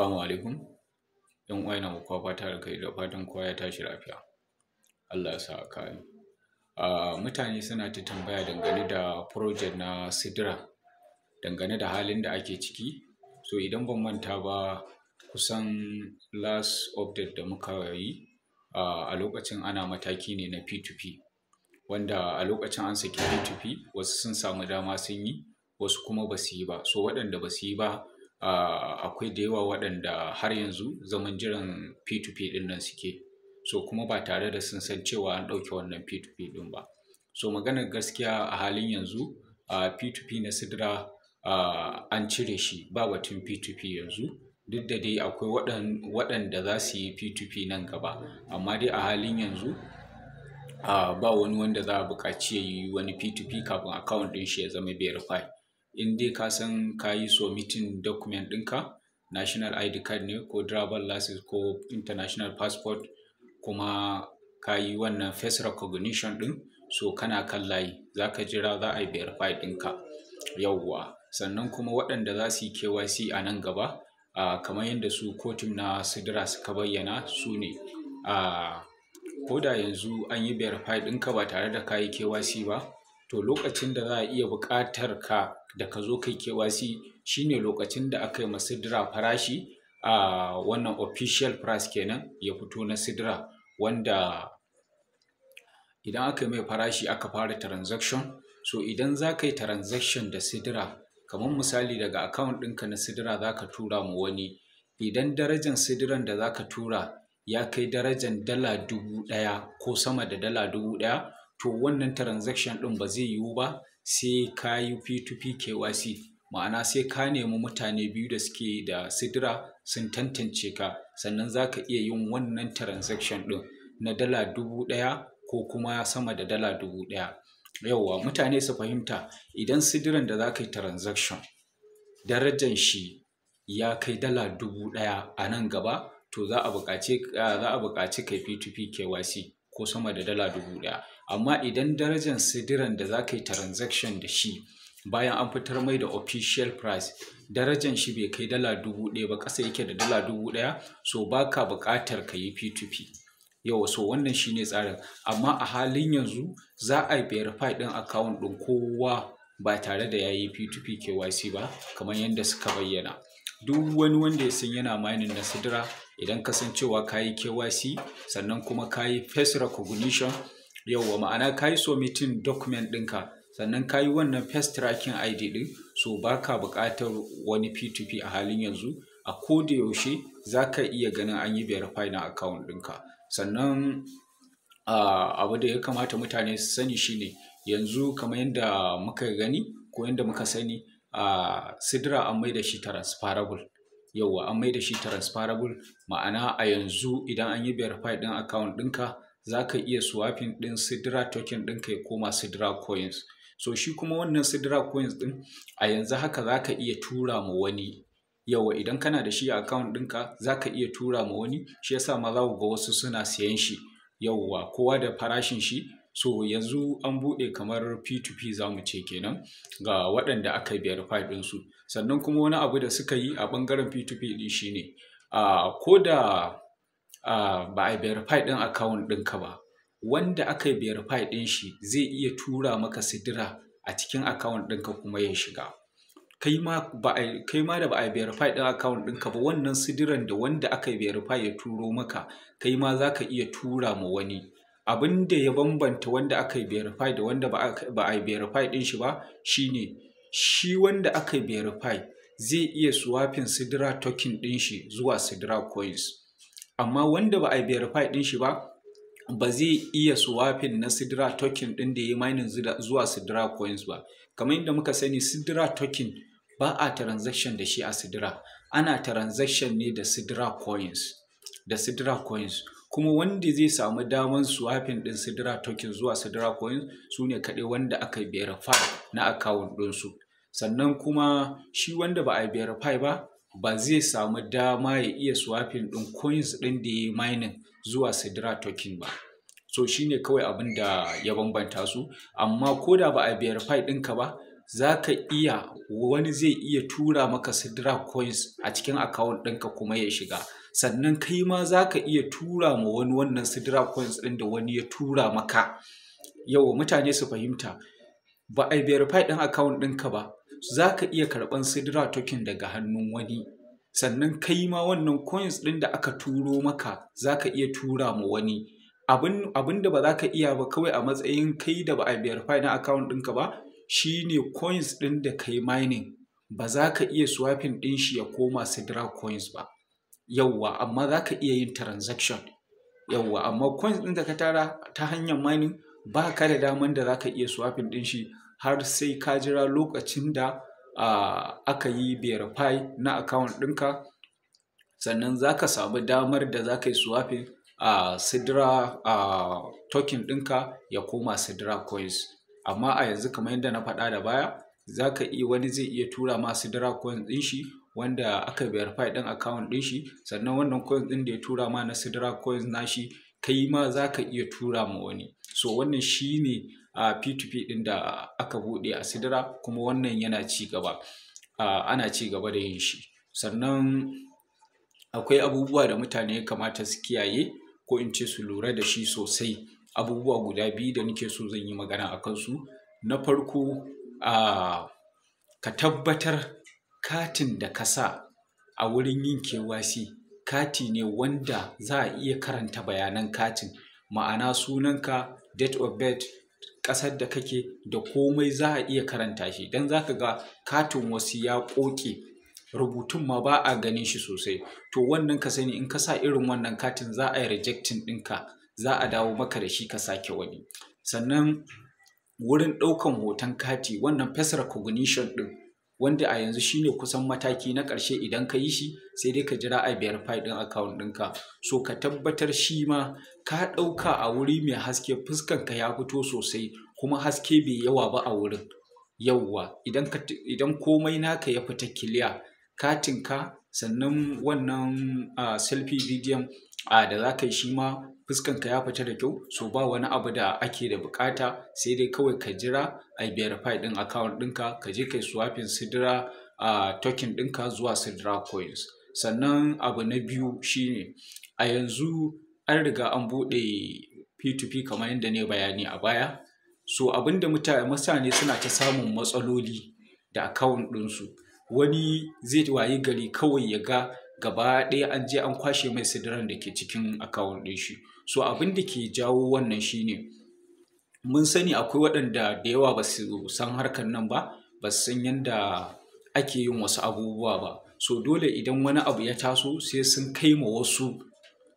Assalamu alaikum. ‘Yan uwa ina kai da fatan kowa ya tashi lafiya. Allah ya sa mutane suna ta tambaya dangane da project na Sidra, dangane da halin da ake ciki. So idan ban manta ba kusan last update da muka yi a lokacin ana mataki ne na P2P. Wanda a lokacin an saki P2P wasu sun samu dama sun yi, wasu kuma ba su yi ba. So waɗanda ba su yi ba Ah, akwai da yawa waɗanda har yanzu zaman jiran p2p ɗin nan suke so kuma ba tare da sun san cewa an ɗauke wannan p2p ɗin ba so maganar gaskiya a halin yanzu p2p na sidra an cire shi ba batun p2p yanzu duk da dai akwai waɗanda za su yi p2p nan gaba amma dai a halin yanzu ba wani wanda za a buƙaci ya yi wani p2p kafin akawun ɗin shi ya zama verified in dai ka san ka yi submitting document ɗinka national id card ne ko driver license ko international passport kuma ka yi wannan face recognition ɗin so kana kan layi za ka jira za a yi verify ɗinka yauwa sannan kuma waɗanda za su yi kyc a nan gaba uh, kamar yadda su kotun na sidira suka bayyana su ne uh, ko da yanzu an yi verify ɗinka ba tare da ka yi kyc ba to lokacin da za a iya buƙatar ka da ka zo kai KYC shine lokacin da aka yi ma sidra farashi a wannan official price kenan ya fito na sidira. wanda idan aka yi mai farashi aka fara transaction so idan za ka yi transaction da sidra kamar misali daga account ɗinka na sidira za ka tura mu wani idan darajar sidiran da za ka tura ya kai darajar dala dubu ɗaya ko sama da dala dubu ɗaya to wannan transaction ɗin ba zai yiwu ba sai ka yi P2P KYC ma'ana sai ka nemi mutane biyu da suke da sidira sun tantance ka sannan za ka iya yin wannan transaction ɗin na dala dubu ɗaya ko kuma sama da dala dubu ɗaya yauwa mutane su fahimta idan sidiran da za ka yi transaction darajar shi ya kai dala dubu ɗaya a nan gaba to za a buƙaci ka yi P2P KYC ko sama da dala dubu ɗaya amma idan darajar sidiran da za ka yi transaction da shi bayan an fitar mai da official price darajar shi bai kai dala dubu ɗaya ba ƙasa yake da dala dubu ɗaya so ba ka buƙatar ka yi p2p yawa so wannan shine tsarin amma a halin yanzu za a yi verify ɗin account ɗin kowa ba tare da ya yi p2p kyc ba kamar yadda suka bayyana duk wani wanda ya san yana mining na sidira idan ka san cewa ka yi KYC sannan kuma ka yi face recognition yauwa ma'ana ka yi submitting document ɗinka sannan ka yi wannan face tracking ID ɗin so ba ka buƙatar wani P2P a halin yanzu a kodayaushe yaushe za ka iya ganin an yi verify na account ɗinka sannan uh, abu da ya kamata mutane su sani shine yanzu kamar yadda muka gani ko yadda muka sani a sidira an mai da shi transferable yauwa an mai da shi transferable ma'ana a yanzu idan an yi verify ɗin account ɗinka za ka iya swapping ɗin sidra token ɗinka ya koma sidra coins so shi kuma wannan sidra coins ɗin a yanzu haka za ka iya tura ma wani yawa idan kana da shi a account ɗinka za ka iya tura ma wani shi yasa ma za ku ga wasu suna siyan shi yauwa kowa da farashin shi So yanzu an buɗe kamar P2P za mu ce kenan ga waɗanda aka verify ɗinsu. Sannan kuma wani abu da suka yi a ɓangaren P2P ɗin shi ne, ko da ba a verify ɗin akawun ɗinka ba, wanda aka verify ɗin shi zai iya tura maka sidira a cikin akawun ɗinka kuma ya shiga. kai ma da ba a verify ɗin akawun ɗinka ba wannan sidiran da wanda aka verify ya turo maka kai ma za ka iya tura ma wani abin da ya bambanta wanda aka yi verify da wanda ba a yi verify din shi ba shi ne. shi wanda aka yi verify zai iya swapin SIDRA token ɗin shi zuwa sidira coins amma wanda ba a yi verify din shi ba ba zai iya swapin na SIDRA token ɗin da ya mining zuwa sidira coins ba kamar yadda muka sani sidira token ba a transaction da shi a SIDRA, ana transaction ne da sidira coins da sidira coins kuma wanda zai samu daman swapin din sidira token zuwa sidira coin su ne kaɗai wanda aka verify na akawun ɗinsu sannan kuma shi wanda ba a verify ba ba zai samu dama ya iya swapin ɗin coins ɗin da ya mining zuwa sidira token ba so shi ne kawai abin da ya bambanta su amma ko da ba a verify ɗinka ba za ka iya wani zai iya tura maka sidira coins a cikin akawun ɗinka kuma ya shiga sannan kai ma za ka iya tura ma wani wannan sidira coins ɗin da wani ya tura maka yau mutane su fahimta ba a verify ɗin account ɗinka ba za ka iya karɓan sidira token daga hannun wani sannan kai ma wannan coins ɗin da aka turo maka za ka iya tura ma wani abin da ba za ka iya ba kawai a matsayin kai da ba a verify na account ɗinka ba shine coins ɗin da kai mining ba za ka iya swapping ɗin shi ya koma sidra coins ba yawwa amma za ka iya yin transaction yawwa amma coins ɗin da ka tara ta hanyar mining ba ka da daman da za ka iya swapping ɗin shi har sai ka jira lokacin da aka yi verify na account ɗinka sannan za ka samu damar da za ka yi swapping a sidra a token ɗinka ya koma sidra coins amma a yanzu kamar yadda na faɗa da baya za ka iya wani zai iya tura ma sidra coins ɗin shi wanda aka verify ɗin account ɗin shi sannan wannan coins ɗin da ya tura ma na sidra coins nashi kai ma za ka iya tura ma wani so wannan shi ne a p2p ɗin da aka buɗe a sidra kuma wannan yana ci gaba ana ci gaba da yin shi sannan akwai abubuwa da mutane ya kamata su kiyaye ko in ce su lura da shi sosai abubuwa guda biyu da nake so zan yi magana a kansu na farko ka tabbatar katin da ka sa a wurin yin kewasi kati ne wanda za a iya karanta bayanan katin ma'ana sunanka date of birth ƙasar da kake da komai za a iya karanta shi don za ka ga katin wasu ya ƙoƙe rubutun ma ba a ganin shi sosai to wannan ka sani in ka sa irin wannan katin za a yi rejectin ɗinka za a dawo maka da shi ka sake wani sannan wurin ɗaukan hoton kati wannan fesa recognition ɗin wanda a yanzu shine kusan mataki na ƙarshe idan ka yi shi sai dai ka jira a biyar ɗin akawun ɗinka so ka tabbatar shi ma ka ɗauka a wuri mai haske fuskan ka ya fito sosai kuma haske bai yawa ba a wurin yawwa idan komai naka ya fita kiliya katinka sannan wannan ah, selfie bidiyon a da za ka yi shi ma fuskanka ya fita da kyau so ba wani abu da ake da bukata sai dai kawai ka jira a verify din account ɗinka ka je kai swapping sidira a token ɗinka zuwa sidira coins sannan abu na biyu shine a yanzu an riga an buɗe p2p kamar yadda ne bayani a baya so abinda mutane suna ta samun matsaloli da account ɗinsu wani zai wayi gari kawai ya ga gaba ɗaya an je an kwashe mai sidiran da ke cikin akawun ɗin shi so abin da ke jawo wannan shine mun sani akwai waɗanda da yawa ba su san harkar nan ba ba su san yadda ake yin wasu abubuwa ba so dole idan wani abu ya taso sai sun kai ma wasu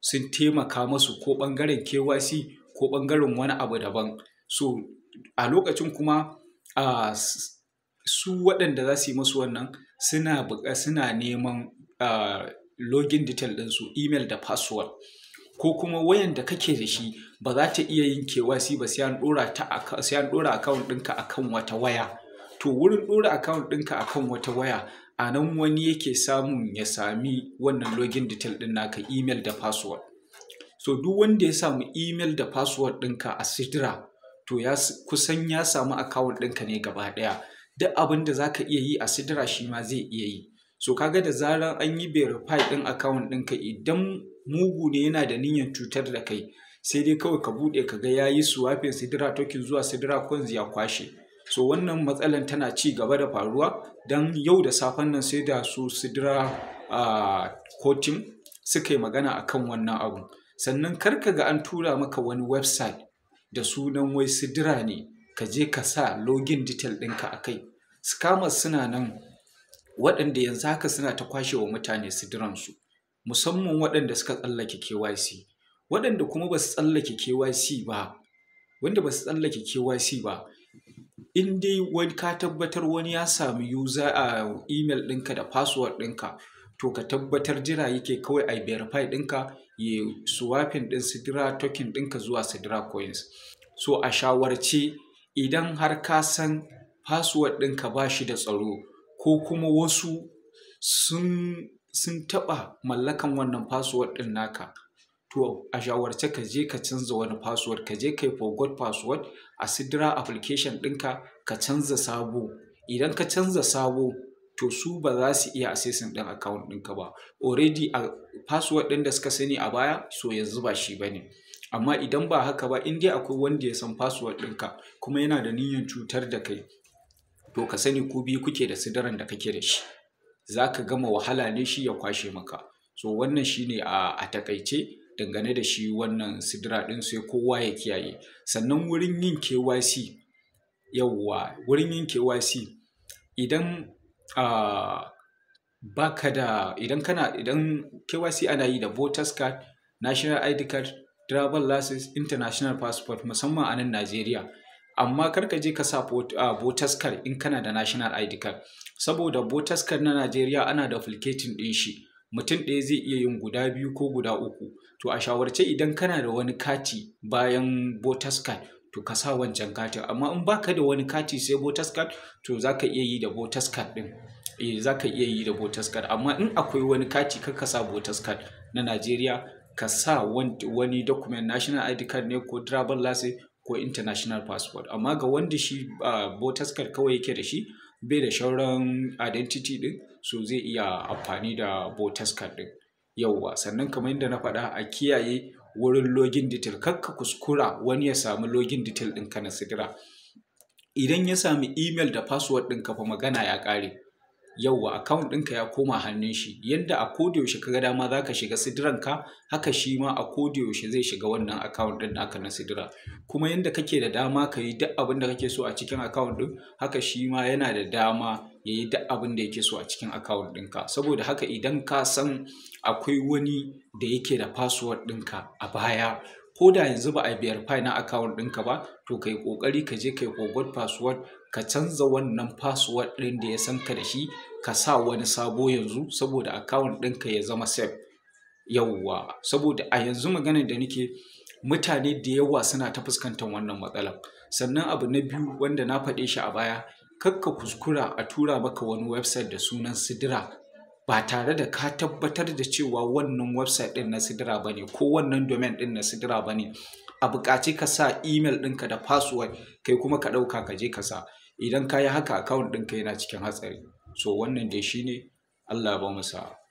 sun taimaka masu ko ɓangaren kewasi ko ɓangaren wani abu daban so a lokacin kuma ah, su waɗanda za su yi masu wannan suna suna neman login detail ɗinsu email da password ko kuma wayan da kake da shi ba za ta iya yin KYC ba sai an ɗora ta sai an account ɗinka akan wata waya to wurin ɗora account ɗinka akan wata waya a nan wani yake samun ya sami wannan login detail ɗin naka email da password so duk wanda ya samu email da password ɗinka a sidra to ya kusan ya samu akawun ɗinka ne gaba ɗaya duk abin da za iya yi a sidra shi ma zai iya yi so kaga da zarar an yi verify ɗin account ɗinka idan mugu ne yana da niyyar cutar da kai sai dai kawai ka buɗe ka ga yayi swapping sidira tokin zuwa sidira coins ya kwashe so wannan matsalan tana ci gaba da faruwa don yau da safen nan sai da su sidira a kotin suka yi magana akan wannan abu sannan kar ka ga an tura maka wani website da sunan wai sidira ne ka je ka sa login detail ɗinka a kai scammers suna nan waɗanda yanzu haka suna ta kwashe wa mutane sidiransu musamman waɗanda suka tsallake KYC waɗanda kuma ba su tsallake KYC ba wanda ba su tsallake KYC ba in dai wani ka tabbatar wani ya sami user a email ɗinka da password ɗinka to ka tabbatar jira yake kawai a verify ɗinka ya swapin ɗin sidira token ɗinka zuwa sidira coins so a shawarce idan har ka san password ɗinka ba shi da tsaro ko kuma wasu sun sun taɓa mallakan wannan password ɗin naka to a shawarce ka je ka canza wani password ka je ka yi forgot password a sidira application ɗinka ka canza sabo idan ka canza sabo to su ba za su iya assessing ɗin account ɗinka ba already a password ɗin da suka sani a baya so yanzu ba shi ba ne amma idan ba haka ba in dai akwai wanda ya san password ɗinka kuma yana da niyyar cutar da kai to ka sani ku biyu kuke da sidiran da kake da shi za ka gama wahala ne shi ya kwashe maka so wannan ne a, a takaice dangane da shi wannan sidira ɗin sai kowa ya kiyaye sannan wurin yin KYC yawwa wurin yin KYC idan baka da idan kana idan KYC ana yi da voters card national ID card driver license international passport musamman a nan Najeriya amma karka je ka sa ah, voters card in kana da national id card saboda voters card na Najeriya ana da filketin din shi mutum ɗaya zai iya yin guda biyu ko guda uku to a shawarce idan kana da wani kati bayan voters card to ka sa wancan katin amma in baka da wani kati sai voters card to zaka iya yi da voters card din eh zaka iya yi da voters card amma in akwai wani kati ka sa voters card na Najeriya ka sa wani document national id card ne ko driver license ko international passport amma ga wanda shi voters card kawai yake da shi bai da shauran identity din so zai iya amfani da voters card din yauwa sannan kamar yadda na faɗa a kiyaye wurin login detail kakka kuskura wani ya samu login detail ɗinka na sidira idan ya sami email da password ɗinka fa magana ya ƙare yauwa account ɗinka ya koma hannun shi yadda a kodayaushe ka ga dama za ka shiga sidiranka haka shi ma a kodayaushe zai shiga wannan account ɗin naka na sidira kuma yadda kake da dama ka yi duk abin da kake so a cikin account ɗin haka shi ma yana da dama ya yi duk abin da yake so a cikin account ɗinka saboda haka idan ka san akwai wani da yake da password ɗinka a baya ko da yanzu ba a biyar fai na account ɗinka ba to kai kokari ka je kai forgot password ka canza wannan password ɗin da ya san ka da shi ka sa wani sabo yanzu saboda akawun ɗinka ya zama sef yawwa saboda a yanzu magana da nake mutane da yawa suna ta fuskantar wannan matsala sannan abu na biyu wanda na faɗe shi a baya kakka kuskura a tura maka wani website da sunan sidira ba tare da ka tabbatar da cewa wannan website ɗin na sidira ba ne ko wannan domain ɗin na sidira ba ne a buƙaci ka sa email ɗinka da password kai kuma ka ɗauka ka je ka sa idan ka yi haka account ɗinka yana cikin hatsari so wannan dai shine Allah ba mu sa'a